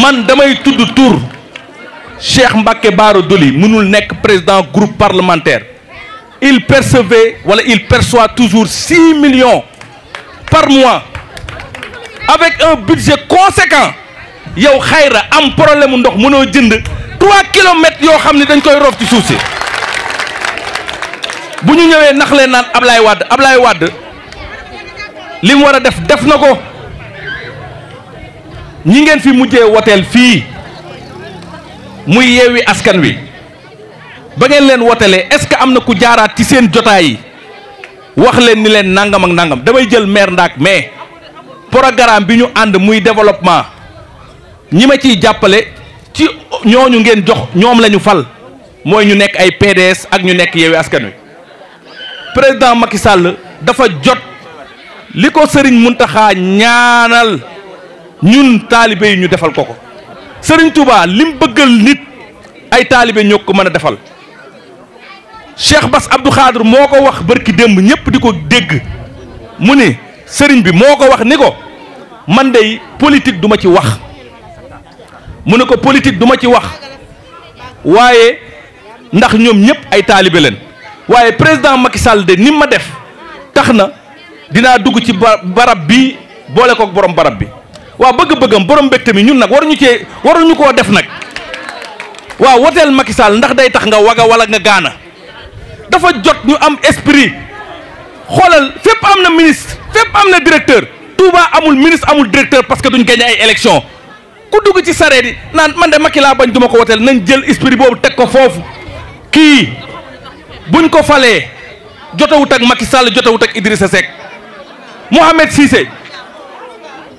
man damay tudd tur Cheikh Mbacké Bara Dolly mënul nekk président groupe parlementaire il percevait wala il perçoit toujours six million par mois avec un budget conséquent yow xayra am problème mu ndox mënoo jënd trois kilomètres yoo xam ne dañ koy roof ci suuf si bu ñu ñëwee nax leen naan Ablaye Wade Ablaye Wade li mu war a def def na ko ñi ngeen fi mujjee woteel fii muy yeewi askan wi ba ngeen leen wotelee est-ce que am na ku jaaraat ci seen jotaay yi wax leen ni leen nangam ak nangam damay jël maire Ndack mais programme bi ñu ànd muy développement ñi ma ciy jàppale ci ñooñu ngeen jox ñoom la ñu fal mooy ñu nekk ay PDS ak ñu nekk yeewi askan wi président Macky Sall dafa jot li ko Serigne Mountakha ñaanal. ñun taalibe yi ñu defal ko ko Serigne Touba lim bëggal nit ay taalibe ñoo ko mën a defal Cheikh Bass Abdou Khadre moo ko wax barki démb ñëpp di ko dégg mu ne sëriñ bi moo ko wax ni ko man dey politique duma ci wax mu ne ko politique duma ci wax waaye ndax ñoom ñëpp ay taalibe leen waaye président Macky Sall de ni ma def tax na dinaa dugg ci barab bi boole kook borom barab bi waaw bëgg-bëggam borom mbégte mi ñun nag waruñu cee waruñu koo def nag waaw woteel Macky Sall ndax day tax nga waga wala nga gaana dafa jot ñu am esprit xoolal fépp am na ministre fépp am na directeur Touba amul ministre amul directeur parce que duñ gagné ay élection ku dugg ci saree di naan man de Macky laa bañ duma ko woteel nañ jël esprit boobu teg ko foofu kii buñ ko falee jotawut ak Macky Sall jotawut ak Idrissa Seck Mohamed Cissé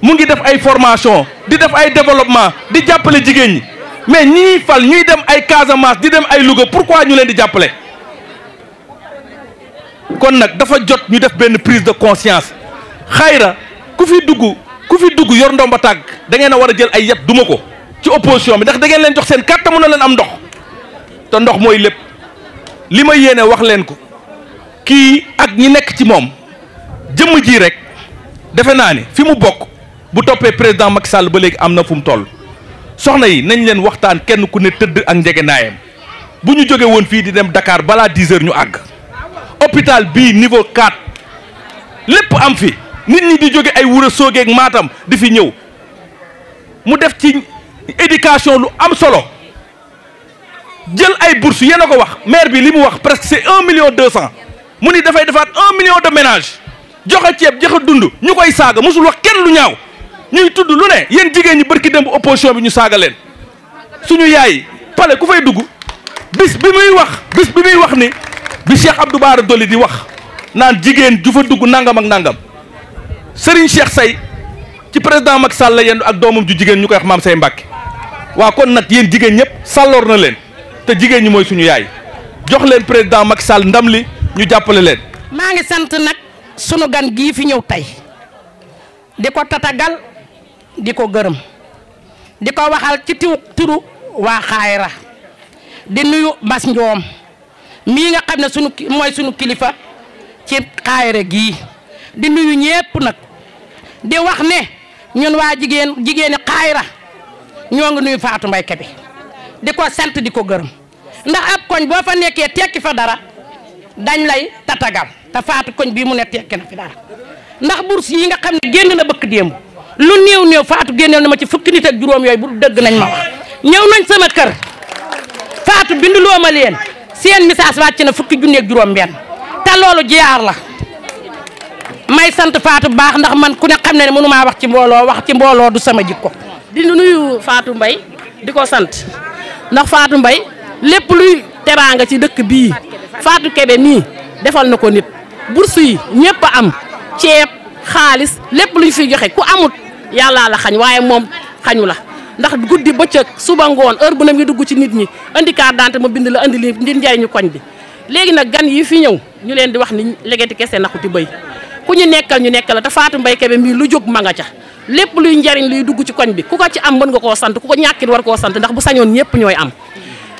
mu ngi def ay formation di def ay développement di jàppale jigéen ñi mais ñii fal ñuy dem ay Casamance di dem ay Louga pourquoi ñu leen di jàppale kon nag dafa jot ñu def benn prise de conscience xayra ku fi dugg ku fi dugg yor ndomba tàgg da ngeen a war a jël ay yet duma ko ci opposition bi ndax dangeen leen jox seen carte mën a leen am ndox te ndox mooy lépp li ma yéene wax leen ko kii ak ñi nekk ci moom jëmm jii rek defe naa ni fi mu bokk bu toppee président Macky Sall ba léegi am na fu mu toll soxna yi nañ leen waxtaan kenn ku ne tëdd ak njegenaayam bu ñu jóge woon fii di dem dakaar balaa 10 heures ñu àgg hôpital bii niveau 4 lépp am fi nit ñi di jóge ay Wuro Soge maatam di fi ñëw mu def ci éducation lu am solo jël ay bourses yéen a ko wax maire bi li mu wax presque c'est un million deux cent mu ni dafay defaat un million de ménages joxe ceeb joxe dund ñu koy saaga mosul wax kenn lu ñaaw. ñuy tudd lu ne yéen jigéen ñi bërki dem bu opposition bi ñu saaga leen suñu yaay pale ku fay dugg bis bi muy wax bis bi muy wax ni bi Cheikh Abdou Bara Dolly di wax naan jigéen ju fa dugg nangam ak nangam Serigne Cheikh Say ci président Macky Sall la yendu ak doomam ju jigéen ñu koy wax maam say Mbàkke waa kon nag yéen jigéen ñëpp sàlloor na leen te jigéen ñi mooy suñu yaay jox leen président Macky Sall ndam li ñu jàppale leen. maa ngi sant nag sunu gan gii fi ñëw tey di ko gërëm di ko waxal ci tiw turu waa Xaayra di nuyu Bas Njoom mii nga xam ne sunu mooy sunu kilifa ci Xaayra gii di nuyu ñépp nag di wax ne ñun waa jigéen jigéeni Xaayra ñoo ngi nuyu Fatou Mbaye bi di ko sant di ko gërëm ndax ab koñ boo fa nekkee tekki fa dara dañ lay tatagal te Fatou koñ bii mu ne tekki na fi dara ndax bourse yi nga xam ne génn na bëkk démb lu néew néew faatu génneel na ma ci fukki nit ak juróom yooyu bu dëgg nañ ma wax ñëw nañ sama kër faatu binduloo ma leen seen message wàcc na fukki junni ak juróom benn te jiyaar la may sant faatu baax ndax man ku ne xam ne ne mënu maa wax ci mbooloo wax ci mbooloo du sama jikko di nuyu faatu mbay di ko sant ndax faatu mbay lépp luy teraanga ci dëkk bii faatu Kebe nii defal na ko nit bourse yi ñëpp am ceeb xaalis lépp luñ fiy joxe ku amut yàllaa la xañ waaye moom xañu la ndax guddi bëccëg suba ngoon heure bu nag ngi dugg ci nit ñi indi kaa d'identité ma bind la indi lii ndi njariñu koñ bi léegi nag gan yi fi ñëw ñu leen di wax ni legeti kese na ku naxuti bëy ku ñu nekkal ñu nekkal la te Fatou Mbaye Kébé mii lu jóg ma nga ca lépp luy njariñ luy dugg ci koñ bi ku ko ci am mën nga koo sant ku ko ñàkkit war koo sant ndax bu sañoon ñëpp ñooy am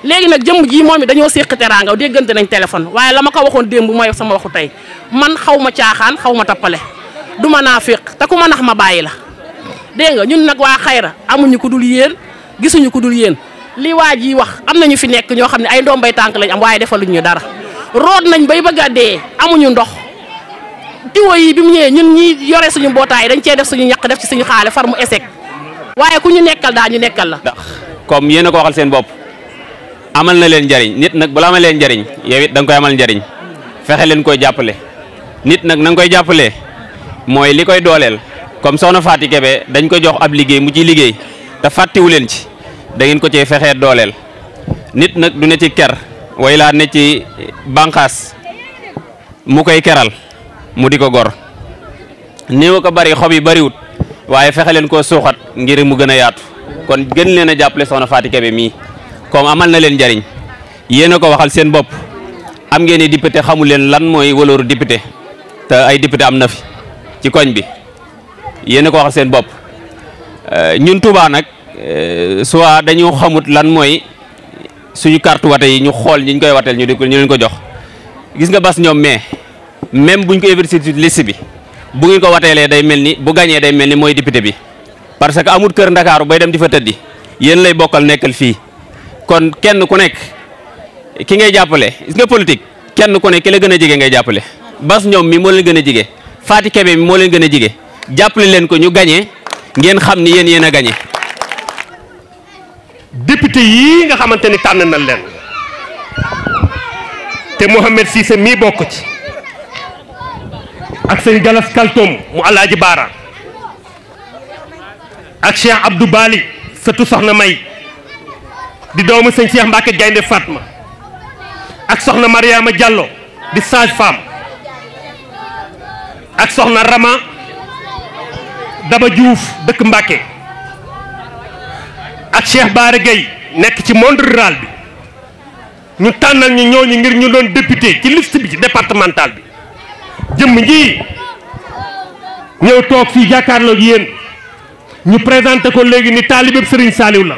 léegi nag jëmm jii moom it dañoo séq déggante nañ téléphone waaye la ko waxoon démb mooy sama waxu tey man xaw ma caaxaan xaw ma tappale du ma naa féq te ku ma nax ma bàyyi la dégg ñun nag waa xayra amuñu ku dul yéen gisuñu ku dul yéen li waa ji wax am nañu fi nekk ñoo xam ne ay ndombay tànk lañ am waaye defaluñu dara root nañ bay bëgg a dee amuñu ndox tiwo yi bi mu ñëwee ñun ñi yore suñu mbootaay dañ cee def suñu ñaq def ci suñu xaale far mu échec waaye ku ñu nekkal daal ñu nekkal la. ndax comme yéen a ko waxal seen bopp amal na leen njariñ nit nag bala amal leen njariñ yow it da nga koy amal njariñ fexe leen koy jàppale nit nag na koy jàppale mooy li koy dooleel. comme soxna Faati Kebe dañ ko jox ab liggéey mu ciy liggéey te fàttiwu leen ci dangeen ko cee fexee dooleel nit nag du ne ci ker way laa ne ci banqaas mu koy keral mu di ko gor néew ko bari xob yi bariwut waaye fexe leen koo suuxat ngir mu gën a yaatu kon gën leen a jàppale soxna Faati Kebe mii comme amal na leen njariñ yéen a ko waxal seen bopp am ngeen i député xamu leen lan mooy waloru député te ay député am na fi ci koñ bi yéen a ko wax seen bopp euh, ñun Touba nag euh, soit dañu xamut lan mooy suñu carte wate yi ñu xool ñi ñu koy wateel ñu di ñu leen ko jox gis nga bas ñoom mais même buñ ko investir ci bi bu ngeen ko wateelee day mel ni bu gañee day mel ni mooy député bi parce que amul kër ndakaaru bay dem di fa tëddi yéen lay bokkal nekkal fii kon kenn ku nekk ki ngay jàppale gis nga politique kenn ku nekk ki la gën a jige ngay jàppale bas ñoom mi moo leen gën a jige Fati Kebe mi moo leen gën a jige jàppale leen ko ñu gañe ngeen xam ni yéen yéen a gañe député yii nga xamante ni tànn na leen te Mouhamed Cissé mii bokk ci ak sëñ Galas Kaltom mu Alaaji Baara ak Cheikh Abdou Bali sëtu Soxna May di doomu sëñ Cheikh Mbacke Gaynde Fatma ak Soxna Mariama Diallo di sage femme ak Soxna Rama Daba Diouf dëkk Mbacke ak Cheikh Bara Gueye nekk ci monde rural bi ñu tànnal ñu ñooñu ngir ñu doon député ci liste bi ci départemental bi jëmm ji ñëw toog fii jàkkaarloog yéen ñu présenté ko léegi ni taalibeb Serigne Saliou la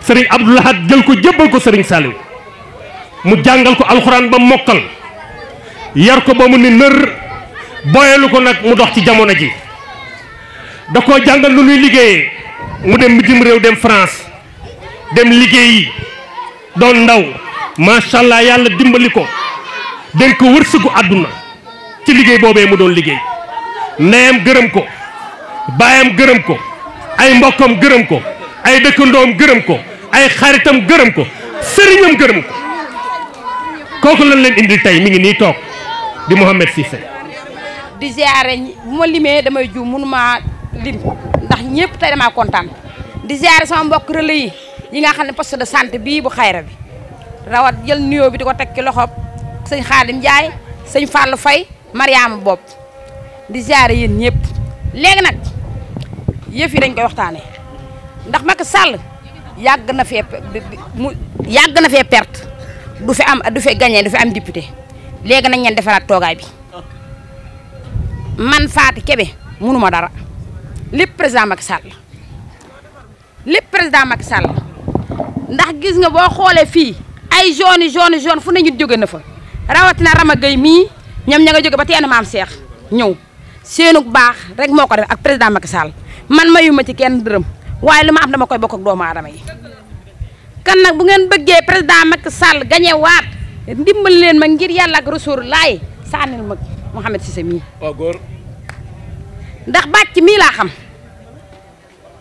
Serigne Abdou Lahad jël ko jébbal ko Serigne Saliou mu jàngal ko alxuraan ba mokkal yar ko ba mu ni nër boyalu ko nag mu dox ci jamono ji da ko jàngal lu ñuy liggéeyee mu dem bitim réew dem France dem liggéeyi doon ndaw macha allah yàlla dimbali ko dénk ko wërsëgu àdduna ci liggéey boobee mu doon liggéey ndeyam gërëm ko baayam gërëm ko ay mbokkam gërëm ko ay dëkkandoom gërëm ko ay xaritam gërëm ko sëriñam gërëm ko kooku lan leen indil tey mi ngi nii toog di Mouhamed Cissé. di ma limee damay juum mënuma lim ndax ñëpp tey damaa kontaan di ziare sama mbokk relais yi yi nga xam ne poste de sante bii bu xayra bi rawat jël nuyoo bi di ko teg ci loxo sëñ Xaadim Njaay sëñ Fallou Fay Mariama Bopp di ziare yéen ñëpp léegi nag yëf yi dañ koy waxtaanee ndax Macky Sall yàgg na fee mu yàgg na fee perte du fi am du fi gagné du fi am député léegi nañ leen defaraat toogaay bi man Faati Kebe mënuma dara lépp président Macky Sall lépp président Macky Sall ndax gis nga boo xoolee fii ay jaune jaune jaune fu ne ñu jóge na fa rawatina Rama Gueye mii ñoom ña nga jóge ba teen maam Cheikh ñëw seenug baax rek moo ko def ak président Macky Sall man mayu ma ci kenn dërëm waaye lu ma am dama koy bokk ak doomu aadama yi. kan nag bu ngeen bëggee président Macky Sall gañe waat ndimbal leen ma ngir yàlla ak Rasulullah sànnil ma Mouhamed Cissé mii. waaw ndax bàcc mii laa xam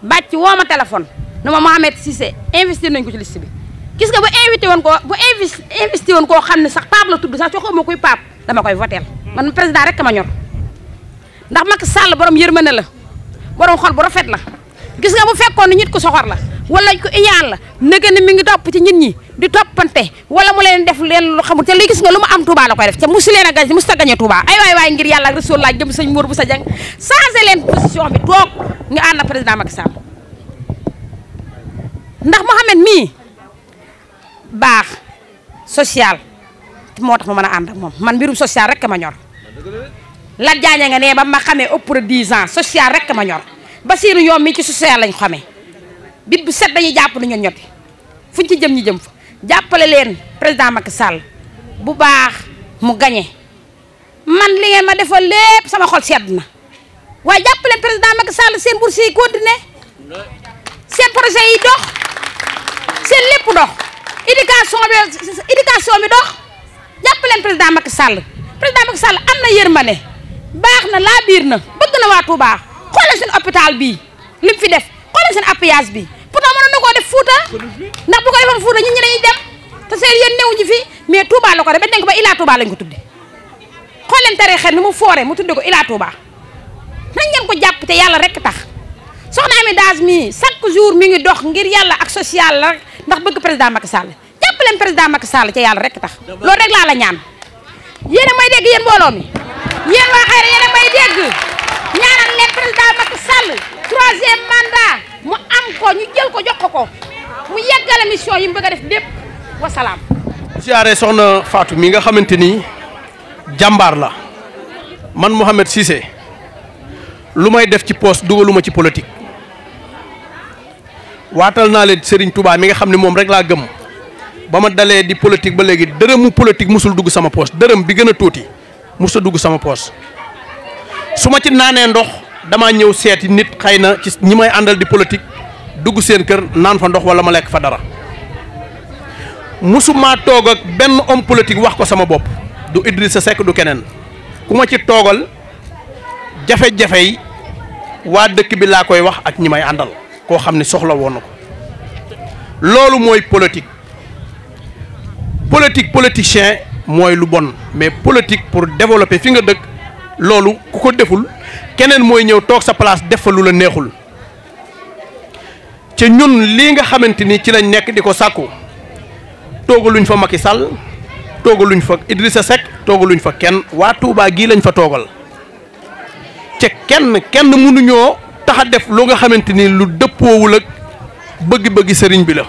bàcc woo ma téléphone na ma Mohamed Cissé investir nañ ko ci liste bi gis nga bu invité woon ko bu investi woon koo xam ne sax Pape la tudd sax joxoo ma kuy Pape dama koy voteel man président rek ma ñor ndax Macky Sall borom yërmande la borom xol bu rafet la gis nga bu fekkoon ni nit ko soxor la wala ko iyaan la nëgë ni mi ngi dopp ci nit ñi di toppante wala mu leen def leen lu xamul ca li gis nga lu mu am Touba la koy def te musu leen a gañ musu ta gañe Touba ay waay waay ngir yàlla ak rasul laa jëm sëñ Mour bu sa jàng changé leen position mi toog ñu ànd na président Macky Sall ndax Mouhamed mii baax social moo tax ma mën a ànd ak moom man mbirum social rek ma ñor la jaaña nga ne ba ma xamee ëpp de 10 ans social rek ma ñor Basirou ñoom mi ci social lañ xamee bit bu set dañuy jàpp ñun ñotti fuñ ci jëm ñu jëm fa jàppale leen président Macky Sall bu baax mu gañe man li ma defal lépp sama xol sedd na waaye jàppale président Macky Sall seen bourse yi continué seen projet yi dox seen lépp dox éducation jàppaleen président Macky sàll président Macky Sall am na ne baax na laa biir na bëgg na waa Touba xoolal seen hôpital bii li fi def xoolal seen appuyage bi koo def Fuuta ndax bu ko defoon Fuuta ñun ñi dañuy dem te seen yéen new ñi fi mais Touba la ko def bañ denk ba Ila Touba lañ ko tudde xool leen tere xel ni mu foore mu tudde ko Ila Touba nañ ngeen ko jàpp te yàlla rek tax soxna Amy Daas mii chaque jour mi ngi dox ngir yàlla ak social la rek ndax bëgg président Macky Sall jàppaleen président Macky Sall ca yàlla rek tax loolu rek laa la ñaan yéen a may dégg yéen mbooloo mi waa xayra yéen a dégg ñaanal mu am ko ñu jël ko jox ko mu yeggale mission yi mu bëgg a def lépp wasalaam. siyaare soxna faatu mi nga xamante ni jàmbaar la man Mouhamed sise lu may def ci poste dugaluma ci politique waatal naa leen Serigne Touba mi nga xam ne moom rek laa gëm ba ma dalee di politique ba léegi dërëmu politique musul dugg sama poste dërëm bi gën a tuuti musul dugg sama poste su ma ci naanee ndox. damaa ñëw seeti nit xëy na ci ñi may àndal di politique dugg seen kër naan fa ndox wala ma lekk fa dara musuma toog ak benn homme politique wax ko sama bopp du sa Seck du keneen ku ma ci toogal jafe-jafe waa dëkk bi laa koy wax ak ñi may àndal koo xam ne soxla woon na ko loolu mooy politique politique politicien mooy lu bon mais politique pour développer fi nga dëkk loolu ku ko deful keneen mooy ñëw toog sa place def fa lu la neexul ca ñun lii nga xamante ni ci lañ nekk di ko sàkku toogaluñ fa Macky Sall toogaluñ fa Idrissa Seck toogaluñ fa kenn waa Touba gii lañ fa toogal ca kenn kenn mënuñoo tax a def loo nga xamante ni lu dëppoowul ak bëgg-bëgg sëriñ bi la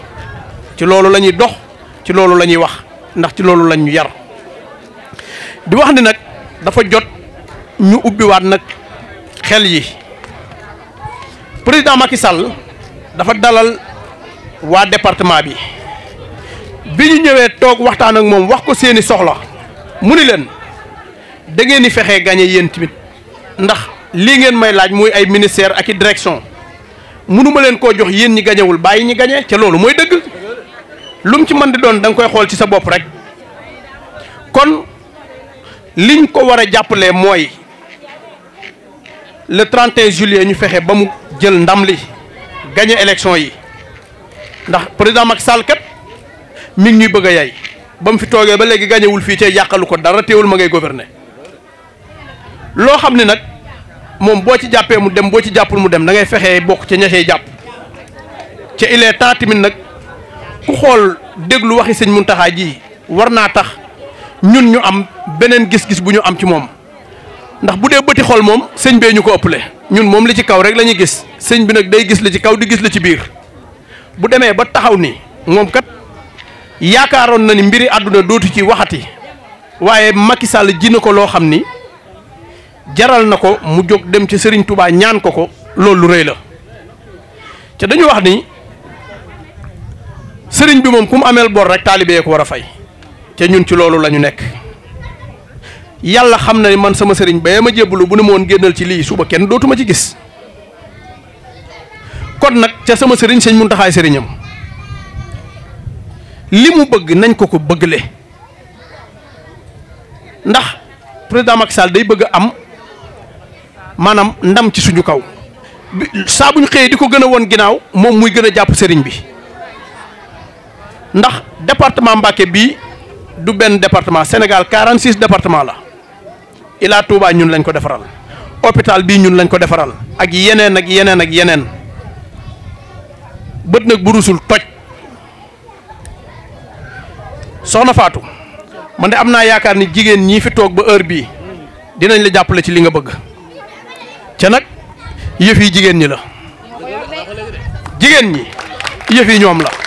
ci loolu lañuy dox ci loolu la ñuy wax ndax ci loolu lañ ñu yar di wax ni nag dafa jot. ñu ubbiwaat nag xel yi président Macky Sall dafa dalal waa département bi bi ñu ñëwee toog waxtaan ak moom wax ko seeni soxla mu ni leen da ngeen di fexee gagné yéen tamit ndax lii ngeen may laaj muy ay ministère ak i direction mënuma leen koo jox yéen ñi gañewul bàyyi ñi gañe ca loolu mooy dëgg lu ci mën di doon danga koy xool ci sa bopp rek kon liñ ko war a jàppalee mooy le 31 juillet ñu fexe ba mu jël ndam li gagné élection yi ndax président Macky Sall kat mi ngi ñuy bëgg a yaay ba mu fi toogee ba léegi gagné fii te yàqalu ko dara teewul ma ngay gouverner loo xam ne nag moom boo ci jàppee mu dem boo ci jàppul mu dem dangay ngay fexee bokk ca ñaxee jàpp ca il temps tamit nag ku xool déglu waxi sëñ Mountakha ji war naa tax ñun ñu am beneen gis-gis bu ñu am ci moom. ndax bu dee bëti xol moom sëñ bee ñu ko ëppale ñun moom li ci kaw rek la ñuy gis sëñ bi nag day gis li ci kaw di gis li ci biir bu demee ba taxaw ni moom kat yaakaaroon na ni mbiri àdduna dootu ci waxati waaye makki sàll ji na ko loo xam ni jaral na ko mu jóg dem ci sëriñ tubaay ñaan ko ko loolu rëy la te dañu wax ni sëriñ bi moom ku mu ameel bor rek taalibe ko war a fay te ñun ci loolu la ñu nekk. yàlla xam na ne man sama sëriñ ba ma jébbalu bu ne ma woon génnal ci lii suba kenn dootuma ci gis kon nag ca sama sëriñ sëñ taxaay sëriñam li mu bëgg nañ ko ko bëggle ndax président Macky Sall day bëgg am maanaam ndam ci suñu kaw saa bu xëyee di ko gën a woon ginnaaw moom muy gën a jàpp sëriñ bi ndax département Mbacké bii du benn département Sénégal 46 département la Ila Touba ñun lañ ko defaral hôpital bii ñun lañ ko defaral ak yeneen ak yeneen ak yeneen bët nag bu rusul toj soxna Faatu man de am naa yaakaar ni jigéen ñii fi toog ba heure bii dinañ la jàppale ci li nga bëgg ca nag yëf yi jigéen ñi la jigéen ñi yëf yi ñoom la.